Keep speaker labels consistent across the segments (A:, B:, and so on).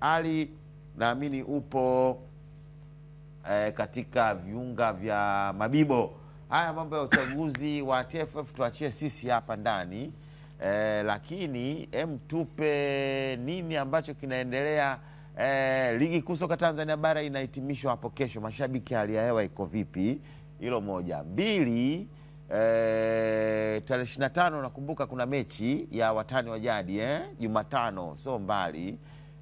A: Ali naamini upo eh, katika viunga vya Mabibo. Haya mambo ya uchaguzi wa TFF tuachie sisi hapa ndani eh, lakini em, tupe nini ambacho kinaendelea eh, ligi kuu soka Tanzania bara inahitimishwa hapo kesho. Mashabiki, hali ya hewa iko vipi? Hilo moja. Mbili, eh, tarehe ishirini na tano nakumbuka kuna mechi ya watani wa jadi eh, Jumatano, so mbali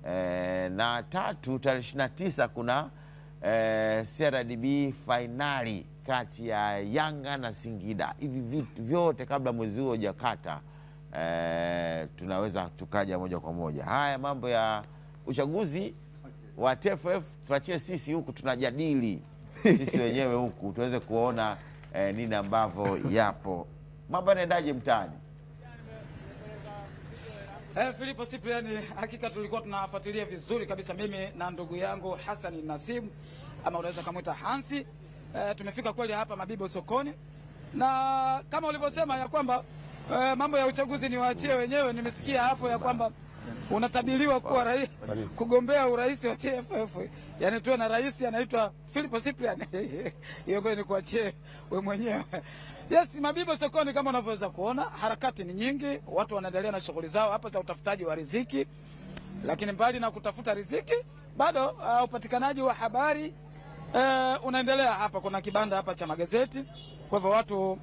A: e, na tatu tarehe ishirini na tisa kuna e, eh, CRDB fainali kati ya Yanga na Singida. Hivi vitu vyote kabla mwezi huo hujakata, e, tunaweza tukaja moja kwa moja haya mambo ya uchaguzi wa TFF tuachie sisi huku tunajadili sisi wenyewe huku tuweze kuona e, nini ambavyo yapo. Mambo yanaendaje mtaani?
B: Eh, Filipo Sipriani, hakika tulikuwa tunafuatilia vizuri kabisa mimi na ndugu yangu Hasani Nasibu ama unaweza kumuita Hansi. Eh, tumefika kweli hapa Mabibo sokoni na kama ulivyosema ya kwamba eh, mambo ya uchaguzi ni waachie wenyewe. Nimesikia hapo ya kwamba unatabiriwa kuwa rais kugombea urais wa TFF, yani tuwe na rais anaitwa Filipo Sipriani hiyo ni kuachie wewe mwenyewe. Yes, Mabibo sokoni kama unavyoweza kuona, harakati ni nyingi, watu wanaendelea na shughuli zao hapa za utafutaji wa riziki, lakini mbali na kutafuta riziki bado uh, upatikanaji wa habari uh, unaendelea hapa. Kuna kibanda hapa cha magazeti, kwa hivyo watu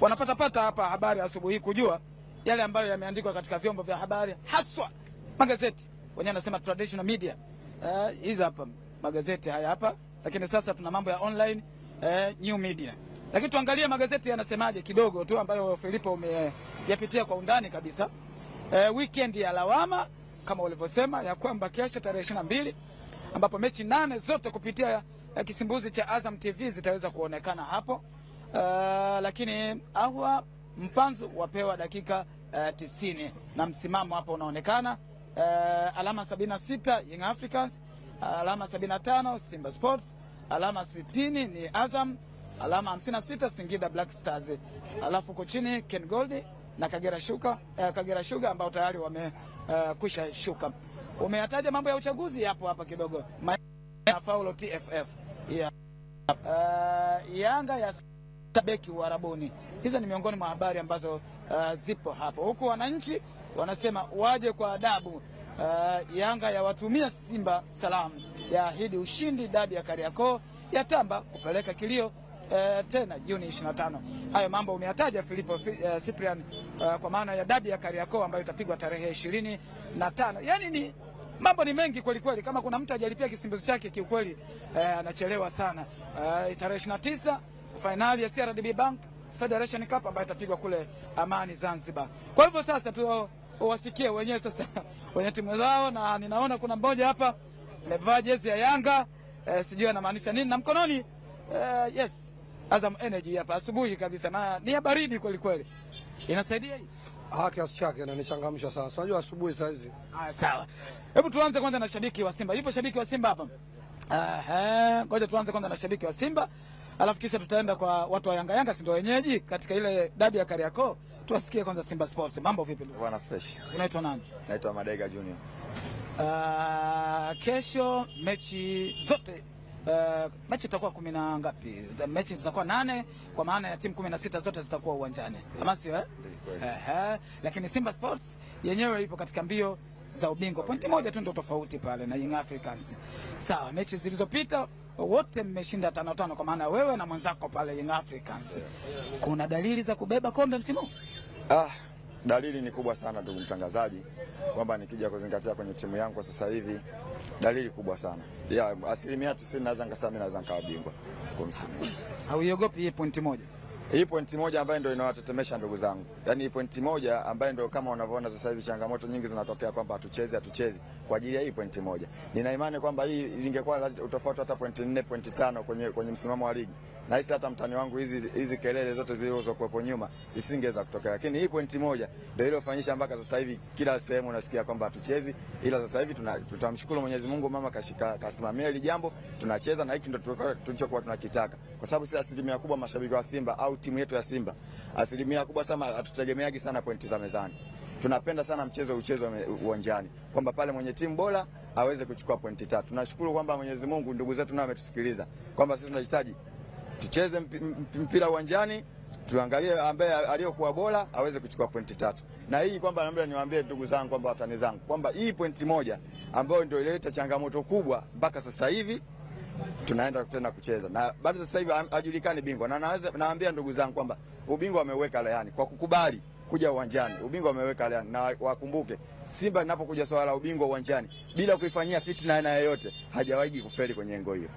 B: wanapata pata hapa habari asubuhi, kujua yale ambayo yameandikwa katika vyombo vya habari, haswa magazeti wenyewe wanasema traditional media. Uh, hizi uh, hapa magazeti haya hapa, lakini sasa tuna mambo ya online uh, new media. Lakini tuangalie magazeti yanasemaje kidogo tu, ambayo Filipo umeyapitia kwa undani kabisa. E, weekend ya lawama kama walivyosema ya kwamba kesho tarehe ishirini na mbili ambapo mechi nane zote kupitia ya eh, kisimbuzi cha Azam TV zitaweza kuonekana hapo. E, lakini ahwa mpanzu wapewa dakika e, tisini na msimamo hapo unaonekana e, alama sita Young Africans, alama tano Simba Sports, alama sitini ni Azam alama 56 Singida Black Stars, alafu huko chini Ken Gold na Kagera Shuka, eh, Kagera Sugar ambao tayari wamekwisha eh, shuka. Umeyataja mambo ya uchaguzi yapo hapa kidogo na faulo TFF yeah. Uh, Yanga ya beki Uarabuni. Hizo ni miongoni mwa habari ambazo uh, zipo hapo, huku wananchi wanasema waje kwa adabu. Uh, Yanga yawatumia Simba salamu, yaahidi ushindi dabi ya Kariakoo, yatamba kupeleka kilio eh, tena Juni 25. Hayo mambo umeyataja Filipo eh, Cyprian eh, kwa maana ya dabi ya Kariakoo ambayo itapigwa tarehe 25. na tano. Yaani ni mambo ni mengi kweli kweli, kama kuna mtu hajalipia kisimbuzi chake kiukweli eh, anachelewa eh, sana. Eh, tarehe 29 finali ya CRDB Bank Federation Cup ambayo itapigwa kule Amani Zanzibar. Kwa hivyo sasa tu oh, wasikie wenyewe sasa wenye timu zao, na ninaona kuna mmoja hapa amevaa jezi ya Yanga eh, sijui anamaanisha nini na mkononi eh, yes Azam Energy hapa asubuhi kabisa, na ni ya baridi kweli kweli. Inasaidia hii
C: ah, kiasi chake na nichangamsha sana. Unajua asubuhi saa hizi.
B: Ah, sawa. Hebu tuanze kwanza na shabiki wa Simba. Yupo shabiki wa Simba hapa? Aha, ngoja tuanze kwanza na shabiki wa Simba. Alafu kisha tutaenda kwa watu wa Yanga. Yanga si ndio wenyeji katika ile dabi ya Kariakoo. Tuwasikie kwanza Simba Sports. Mambo vipi?
C: Bwana fresh. Unaitwa nani? Naitwa Madega Junior.
B: Uh, kesho mechi zote Uh, mechi itakuwa kumi na ngapi? Mechi zitakuwa nane kwa maana ya timu kumi na sita zote zitakuwa uwanjani, ama sio eh? Uh, lakini Simba Sports yenyewe ipo katika mbio za ubingwa, pointi moja tu ndio tofauti pale na Young Africans. Sawa, mechi zilizopita wote mmeshinda tano tano, kwa maana wewe na mwenzako pale Young Africans. Kuna dalili za kubeba kombe msimu?
C: Ah, dalili ni kubwa sana ndugu mtangazaji, kwamba nikija kuzingatia kwenye timu yangu sasa hivi dalili kubwa sana ya asilimia 90, naweza nikasema naweza nikawa bingwa kwa msimu.
B: Hauiogopi hii pointi moja?
C: Hii pointi moja ambayo ndio inawatetemesha ndugu zangu, yaani hii pointi moja ambayo ndio kama unavyoona sasa hivi changamoto nyingi zinatokea kwamba hatuchezi hatuchezi kwa ajili ya hii pointi moja. Nina imani kwamba hii ingekuwa utofauti hata pointi nne pointi tano kwenye, kwenye msimamo wa ligi na hisi hata mtani wangu hizi hizi kelele zote zilizokuwepo nyuma isingeweza kutokea, lakini hii pointi moja ndio iliyofanyisha mpaka sasa hivi kila sehemu unasikia kwamba hatuchezi, ila sasa hivi tutamshukuru Mwenyezi Mungu, mama kashika, kasimamia hili jambo, tunacheza na hiki ndio tulichokuwa tunakitaka, kwa sababu sisi asilimia kubwa mashabiki wa Simba au timu yetu ya Simba asilimia kubwa sana hatutegemeagi sana pointi za mezani. Tunapenda sana mchezo uchezwe uwanjani, kwamba pale mwenye timu bora aweze kuchukua pointi tatu. Tunashukuru kwamba Mwenyezi Mungu ndugu zetu nao ametusikiliza kwamba sisi tunahitaji tucheze mpira uwanjani, tuangalie ambaye aliyokuwa bora aweze kuchukua pointi tatu. Na hii kwamba naomba niwaambie ndugu zangu, kwamba watani zangu, kwamba hii pointi moja ambayo ndio ileta changamoto kubwa mpaka sasa hivi tunaenda tena kucheza na bado sasa hivi hajulikani bingwa, na naweza naambia ndugu zangu kwamba ubingwa ameweka leani kwa kukubali kuja uwanjani, ubingwa ameweka leani. Na wakumbuke Simba linapokuja swala la ubingwa uwanjani bila kuifanyia fitina aina yoyote, hajawahi kufeli kwenye ngo hiyo.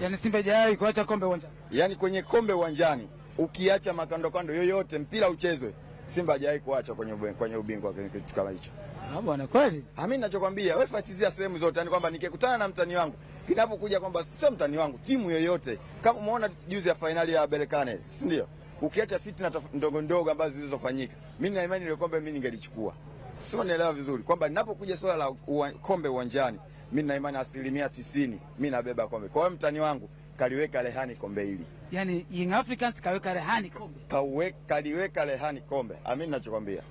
B: Yani Simba hajawahi kuacha kombe uwanjani,
C: yani kwenye kombe uwanjani, ukiacha makandokando yoyote, mpira uchezwe, Simba hajawahi kuacha kwenye ubingwa, kwenye kitu kama hicho.
B: Ah bwana kweli?
C: Ah mimi ninachokwambia wewe fuatilia sehemu zote yani kwamba nikikutana na mtani wangu kinapokuja kwamba sio mtani wangu timu yoyote kama umeona juzi ya fainali ya Berkane, si ndio? Ukiacha fitna ndogo ndogo ambazo zilizofanyika, mimi na imani ile kombe mimi ningelichukua. Sio naelewa vizuri kwamba ninapokuja swala la uwa, kombe uwanjani, mimi na imani asilimia tisini mimi nabeba kombe. Kwa hiyo mtani wangu kaliweka rehani kombe hili.
B: Yaani Young Africans kaweka rehani kombe.
C: Kaweka kaliweka rehani kombe. Amini ninachokwambia.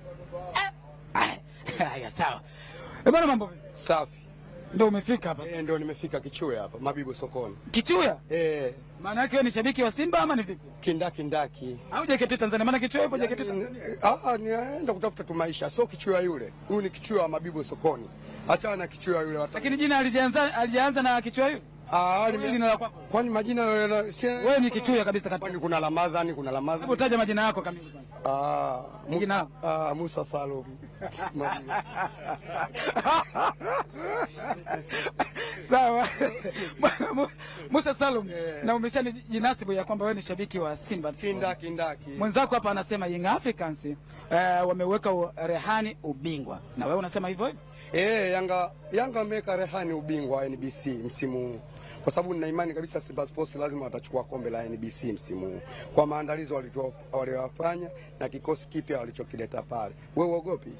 B: Haya, sawa. Eh, bwana mambo vipi? Safi. Ndio umefika hapa
C: sasa? Eh, ndio nimefika Kichuya hapa, Mabibu sokoni. Kichuya? Eh.
B: Maana yake ni shabiki wa Simba ama ni vipi?
C: Kindaki ndaki.
B: Au JKT Tanzania maana Kichuya ipo JKT yaani, Tanzania.
C: Ah, ah, nienda kutafuta tu maisha. Sio Kichuya yule. Huyu ni Kichuya wa Mabibu sokoni. Achana na Kichuya yule.
B: Lakini jina alianza alianza na Kichuya yule.
C: Ah, Kwani majina wewe
B: ni kichuya kabisa katika.
C: Kwani kuna Ramadhani, kuna Ramadhani.
B: Hebu taja majina yako kamili kwanza. Ah, Musa,
C: ah, Musa Salum.
B: Sawa. Musa Salum, eh. na umeshani ya kwamba wewe ni shabiki wa Simba.
C: Kindaki kindaki.
B: Mwenzako hapa anasema Young Africans eh, wameweka rehani ubingwa. Na wewe unasema hivyo hivyo?
C: Eh, Yanga Yanga wameweka rehani ubingwa NBC msimu huu kwa sababu nina imani kabisa Simba Sports lazima watachukua kombe la NBC msimu huu kwa maandalizi waliyofanya na kikosi kipya walichokileta pale. Wewe uogopi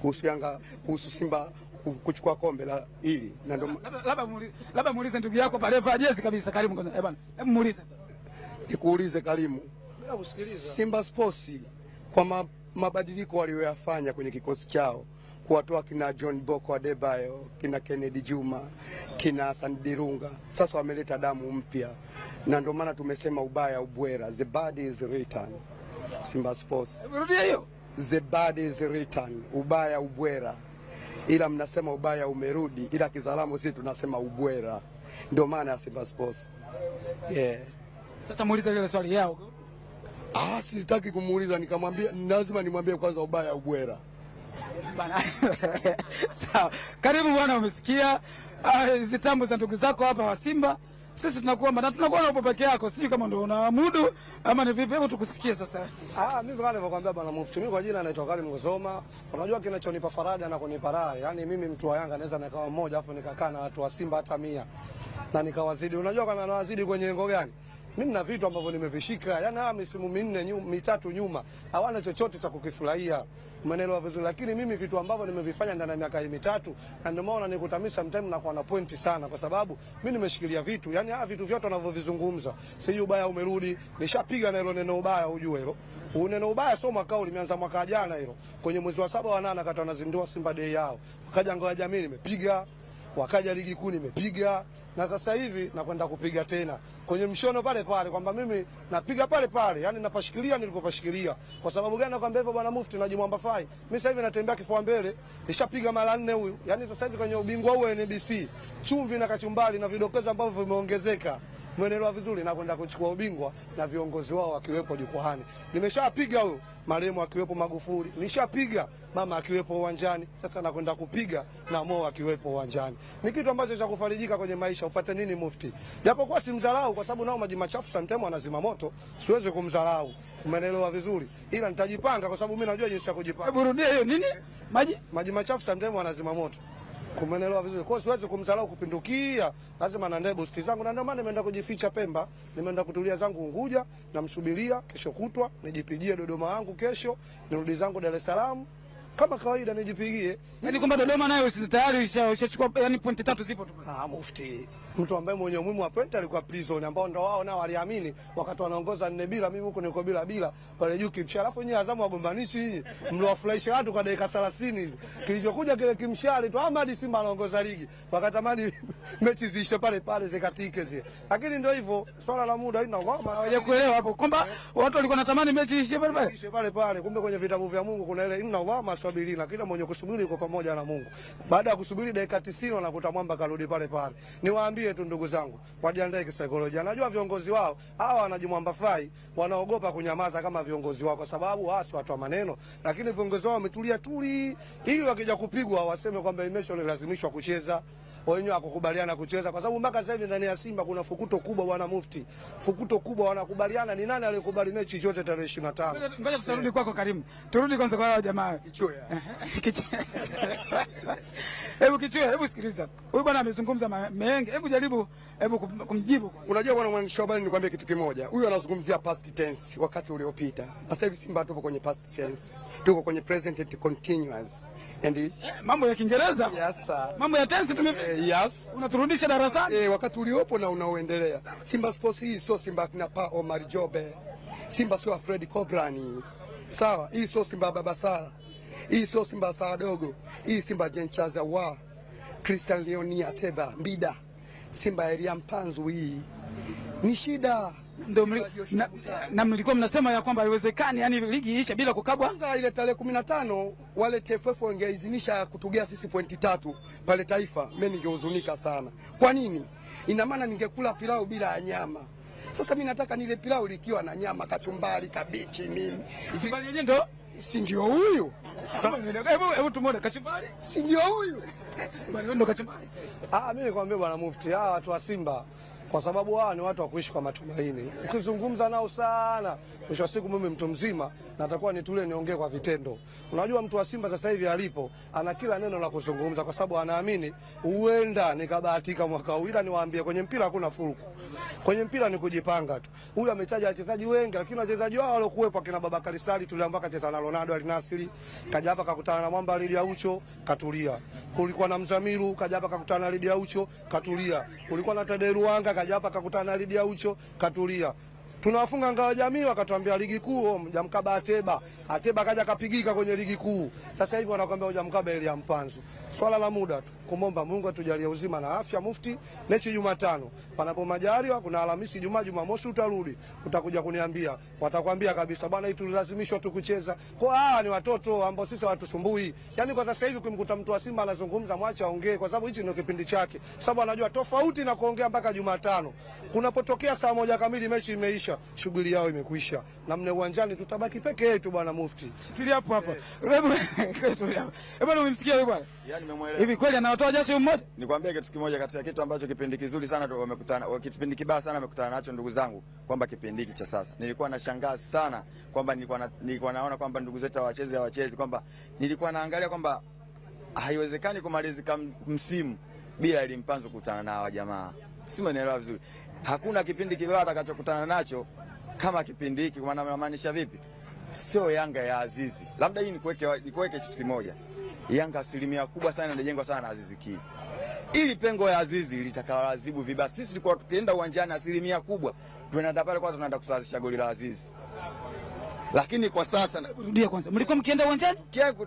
C: kuhusu Yanga, kuhusu Simba kuchukua kombe la hili? Na
B: ndio labda muulize ndugu yako pale vaa jezi kabisa, Karimu. Eh bwana, hebu muulize sasa,
C: nikuulize Karimu, Simba Sports kwa mabadiliko waliyoyafanya kwenye kikosi chao kuwatoa kina John Boko Adebayo, kina Kennedy Juma, kina Hassan Dirunga. Sasa wameleta damu mpya, na ndio maana tumesema ubaya ubwera, the bad is return. Simba Sports, rudia hiyo, the bad is return, ubaya ubwera, ila mnasema ubaya umerudi, ila kizalamu sisi tunasema ubwera, ndio maana ya Simba Sports yeah.
B: Sasa muulize ile swali yao.
C: Ah, sitaki kumuuliza, nikamwambia lazima nimwambie kwanza ubaya ubwera
B: bana sawa. Karibu bwana, umesikia ah, hizi uh, zitambo za ndugu zako hapa wa Simba. Sisi tunakuomba na tunakuwa upo peke yako, sijui kama ndio una mudu ama ni vipi? Hebu tukusikie sasa.
C: Ah, mimi kama nilivyokuambia bwana Mufti, mimi kwa jina naitwa Karim Ngozoma. Unajua kinachonipa faraja na kunipa raha, yaani mimi mtu wa Yanga naweza nikawa mmoja afu nikakaa na watu wa Simba hata mia na nikawazidi. Unajua kana nawazidi kwenye lengo gani? Mimi na vitu ambavyo nimevishika, yaani hawa misimu minne nyuma, mitatu nyuma hawana chochote cha kukifurahia. Umeelewa vizuri, lakini mimi vitu ambavyo nimevifanya ndani ya miaka hii mitatu, na ndio maana nikutamii sometimes nakuwa na pointi sana, kwa sababu mimi nimeshikilia vitu, yani haya vitu vyote wanavyovizungumza, si ubaya umerudi, nishapiga na hilo neno ubaya, ujue hilo uneno ubaya sio mwaka huu, limeanza mwaka jana hilo, kwenye mwezi wa saba wa nane, wakati wanazindua Simba Day yao, kaja ngoja jamii, nimepiga wakaja ligi kuu nimepiga, na sasa hivi nakwenda kupiga tena kwenye mshono pale pale, kwamba mimi napiga pale pale, yani napashikilia nilipopashikilia. Kwa sababu gani nakwambia hivyo bwana Mufti? Najimwamba fai mimi sasa hivi natembea kifua mbele, nishapiga mara nne huyu, yani sasa hivi kwenye ubingwa huu NBC chumvi na kachumbari na vidokezo ambavyo vimeongezeka umeelewa vizuri, na kwenda kuchukua ubingwa na viongozi wao akiwepo jukwaani. Nimeshapiga huyo marehemu akiwepo Magufuli, nishapiga mama akiwepo uwanjani, sasa nakwenda kupiga na Mo akiwepo uwanjani. Ni kitu ambacho cha kufarijika kwenye maisha. Upate nini Mufti? Japokuwa simdharau kwa sababu nao maji machafu sometimes anazima moto, siwezi kumdharau, umeelewa vizuri, ila nitajipanga kwa sababu mimi najua jinsi ya kujipanga.
B: Hebu rudia hiyo nini,
C: maji maji machafu sometimes anazima moto kumenelewa vizuri. Kwa hiyo siwezi kumsalau kupindukia, lazima nandae bosti zangu, na ndio maana nimeenda kujificha Pemba, nimeenda kutulia zangu Unguja, namsubiria kesho kutwa nijipigie Dodoma yangu, kesho nirudi zangu Dar es Salaam kama kawaida nijipigie.
B: Yaani kwamba Dodoma nayo tayari ushachukua, yaani pointi tatu zipo tu.
C: Ah, mufti mtu ambaye mwenye umuhimu wa pointi alikuwa prison, ambao ndo wao nao waliamini wakati wanaongoza nne bila, mimi huko niko bila bila pale juu kimshale. Alafu nyinyi Azamu wagombanishi nyinyi, mliwafurahisha watu kwa dakika 30 hivi, kilichokuja kile kimshale tu, Ahmad Simba anaongoza ligi, wakatamani mechi ziishe pale pale zikatike zile, lakini ndio hivyo, swala la muda haina ngoma.
B: Hawajakuelewa hapo kwamba watu walikuwa wanatamani mechi ziishe pale pale
C: ziishe pale pale, kumbe kwenye vitabu vya Mungu kuna ile inna Allah masabirina, kila mwenye kusubiri yuko pamoja na Mungu. Baada ya kusubiri dakika 90 anakuta mwamba karudi pale pale, niwaambie niwaambie tu ndugu zangu, wajiandae kisaikolojia. Najua viongozi wao hawa wanajimwamba fai, wanaogopa kunyamaza kama viongozi wao, kwa sababu hawa si watu wa maneno, lakini viongozi wao wametulia tuli, ili wakija kupigwa waseme kwamba imesho lazimishwa kucheza wenyewe akukubaliana kucheza, kwa sababu mpaka sasa hivi ndani ya Simba kuna fukuto kubwa, bwana Mufti, fukuto kubwa, wanakubaliana ni nani aliyekubali mechi yote tarehe 25.
B: Ngoja tutarudi kwako Karim, turudi kwanza kwa hao jamaa Kichuya. Hebu Kichuya, hebu sikiliza huyu bwana amezungumza mengi, hebu jaribu, hebu kumjibu.
C: Unajua bwana mwandishi wa habari, nikwambie kitu kimoja, huyu anazungumzia past tense, wakati uliopita. Sasa hivi Simba tupo kwenye past tense, tuko kwenye present continuous
B: Mambo ya Kiingereza? Yes, sir. Mambo ya tensi tume
C: eh, Yes.
B: Unaturudisha darasani?
C: Eh, wakati uliopo na unaoendelea. Simba Sports hii sio Simba kina Pa Omar Jobe. Simba sio Fred Kobrani. Sawa, hii sio Simba Baba sala, Hii sio Simba Saadogo. Hii Simba Jenchaza wa Christian Leonia Teba Mbida. Simba Elia Mpanzu hii. Ni shida
B: ndio na mlikuwa mnasema ya kwamba haiwezekani, yani ligi iishe bila kukabwa.
C: Kwanza ile tarehe 15 wale TFF wangeidhinisha kutugea sisi pointi tatu pale Taifa, mimi ningehuzunika sana. Kwa nini? Ina maana ningekula pilau bila ya nyama. Sasa mimi nataka nile pilau likiwa na nyama, kachumbari, kabichi, nini.
B: Kachumbari yenyewe ndio
C: si ndio huyu?
B: Hebu hebu tumuone kachumbari,
C: si ndio huyu? Ndio kachumbari. Ah, mimi nikwambia bwana Mufti, hawa ah, watu wa Simba kwa sababu hawa ni watu wa kuishi kwa matumaini. Ukizungumza nao sana, mwisho wa siku mimi mtu mzima natakuwa nitulie niongee kwa vitendo. Unajua mtu wa Simba sasa hivi alipo ana kila neno la kuzungumza, kwa sababu anaamini huenda nikabahatika mwaka huu, ila niwaambie kwenye mpira hakuna furuku. Kwenye mpira ni kujipanga tu. Huyu ametaja wachezaji wengi, lakini wachezaji wao waliokuwepo akina baba Sali tuliamba kacheza na Ronaldo alinasiri, kaja hapa kakutana na Mwamba ya Ucho katulia. Kulikuwa na Mzamiru kaja hapa kakutana na Lidi Ucho katulia. Kulikuwa na Tadei Wanga kaja hapa kakutana na Lidi Ucho katulia tunawafunga Ngao Jamii, wakatuambia ligi kuu Mjamkaba oh, Ateba. Ateba kaja kapigika kwenye ligi kuu, sasa hivi wanakwambia Mjamkaba ile ya Mpanzu. Swala la muda tu kumomba Mungu atujalie uzima na afya. Mufti, mechi Jumatano, panapo majaliwa, kuna Alhamisi, Jumaa, Jumamosi utarudi utakuja kuniambia, watakwambia kabisa bwana, hii tulilazimishwa tu kucheza kwa. Hawa ni watoto ambao sisi watusumbui, Yani kwa sasa hivi kumkuta mtu wa Simba anazungumza, mwache aongee, kwa sababu hichi ndio kipindi chake, sababu anajua tofauti na kuongea mpaka Jumatano. Kunapotokea saa moja kamili mechi imeisha imekwisha, shughuli yao imekwisha, na mna uwanjani tutabaki peke yetu bwana Mufti.
B: Sikilia hapo hapa. Eh. Hebu umemsikia wewe bwana? Yani nimemwelewa. Hivi kweli anawatoa jasho mmoja?
C: Nikwambia kitu kimoja kati ya kitu ambacho kipindi kizuri sana wamekutana, kipindi kibaya sana wamekutana nacho ndugu zangu kwamba kipindi hiki cha sasa. Nilikuwa nashangaa sana kwamba nilikuwa na, nilikuwa naona kwamba ndugu zetu hawachezi hawachezi kwamba nilikuwa naangalia kwamba haiwezekani kumalizika msimu bila Elimpanzu kukutana na hawa jamaa. Sima nielewa vizuri. Hakuna kipindi kibaya atakachokutana nacho kama kipindi hiki. Maana vipi? Sio Yanga ya Azizi, labda hii nikuweke kitu kimoja. Yanga asilimia kubwa sana inajengwa sana na Azizi Ki. Ili pengo ya Azizi litakawazibu vibaya. Sisi tulikuwa tukienda uwanjani, asilimia kubwa tunaenda pale kwa tunaenda kusawazisha goli la Azizi, lakini kwa sasa,
B: rudia kwanza, mlikuwa mkienda uwanjani,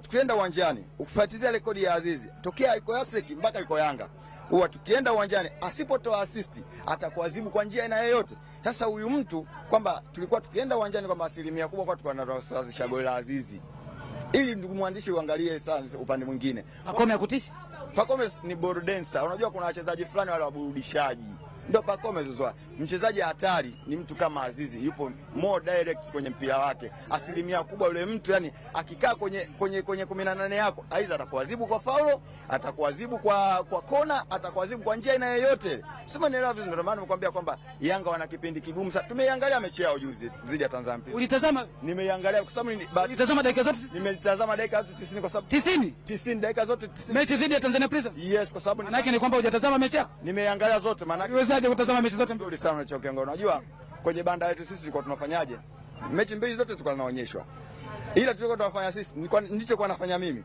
C: tukienda uwanjani, ukifuatilia rekodi ya Azizi tokea iko Yaseki mpaka iko Yanga huwa tukienda uwanjani, asipotoa asisti atakuadhibu kwa njia aina yoyote. Sasa huyu mtu kwamba tulikuwa tukienda uwanjani, kwamba asilimia kubwa kwa tulikuwa tunasawazisha goli la Azizi, ili ndugu mwandishi uangalie sana upande mwingine.
B: Pakome akutisha,
C: Pakome ni bordensa Unajua kuna wachezaji fulani wale waburudishaji ndo Pacome Zouzoua. Mchezaji hatari ni mtu kama Azizi, yupo more direct kwenye mpira wake asilimia kubwa. Yule mtu yani akikaa kwenye kwenye kwenye 18 yako, aidha atakuadhibu kwa faulo, atakuadhibu kwa kwa kona, atakuadhibu kwa njia aina yoyote, sema nielewa vizuri. Ndio maana nimekuambia kwamba Yanga wana kipindi kigumu sana. Tumeiangalia mechi yao juzi dhidi ya Tanzania. Ulitazama? Nimeiangalia kwa sababu ni
B: nilitazama dakika zote 90.
C: Nimetazama dakika zote 90 kwa sababu 90 90 dakika zote 90
B: mechi dhidi ya Tanzania Prisons.
C: Yes, kwa sababu
B: maana yake ni kwamba hujatazama mechi yako.
C: Nimeiangalia zote maana yake
B: unawezaje kutazama mechi zote?
C: Nzuri sana unachokiongea. Unajua kwenye banda letu sisi tulikuwa tunafanyaje? Mechi mbili zote tulikuwa tunaonyeshwa. Ila tulikuwa tunafanya sisi, ndicho kwa nafanya mimi.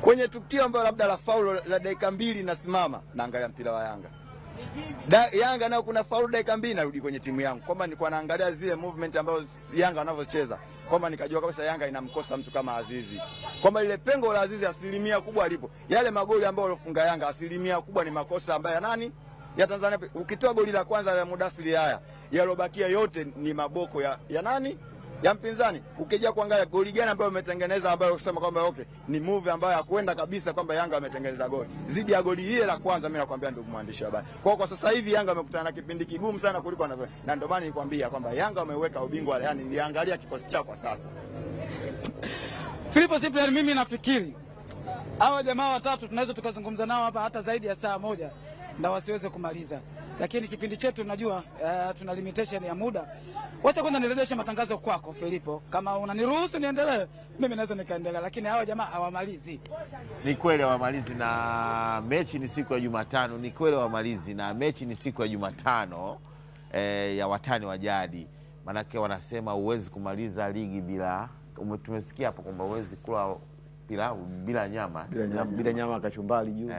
C: Kwenye tukio ambalo labda la faulo la dakika mbili nasimama naangalia mpira wa Yanga. Da, Yanga nao kuna faulo dakika mbili narudi kwenye timu yangu. Kwamba nilikuwa naangalia zile movement ambazo Yanga wanavyocheza. Kwamba nikajua kabisa Yanga inamkosa mtu kama Azizi. Kwamba ile pengo la Azizi asilimia kubwa alipo. Yale magoli ambayo alofunga Yanga asilimia kubwa ni makosa ambayo ya nani? ya Tanzania. Ukitoa goli la kwanza la Mudasiri, haya yalobakia yote ni maboko ya, ya nani ya mpinzani. Ukija kuangalia goli gani ambayo umetengeneza ambayo kusema kwamba okay, ni move ambayo hakwenda kabisa kwamba Yanga ametengeneza goli zidi ya goli hile la kwanza, mimi nakwambia ndugu mwandishi wa habari. Kwa kwa sasa hivi Yanga amekutana na kipindi kigumu sana kuliko anavyo, na ndio maana nikwambia kwamba Yanga ameweka ubingwa, yani niangalia kikosi chao kwa sasa
B: Filipo Simplian, mimi nafikiri hawa jamaa watatu tunaweza tukazungumza nao hapa hata zaidi ya saa moja na wasiweze kumaliza, lakini kipindi chetu najua uh, eh, tuna limitation ya muda. Wacha kwanza nirejeshe matangazo kwako Filipo, kama unaniruhusu niendelee, mimi naweza nikaendelea, lakini hawa jamaa hawamalizi.
A: Ni kweli hawamalizi, na mechi ni siku ya Jumatano. Ni kweli hawamalizi, na mechi ni siku ya Jumatano eh, ya watani wa jadi, maanake wanasema huwezi kumaliza ligi bila, tumesikia hapo kwamba huwezi kula pilau bila nyama,
C: bila nyama, bila nyama kachumbari juu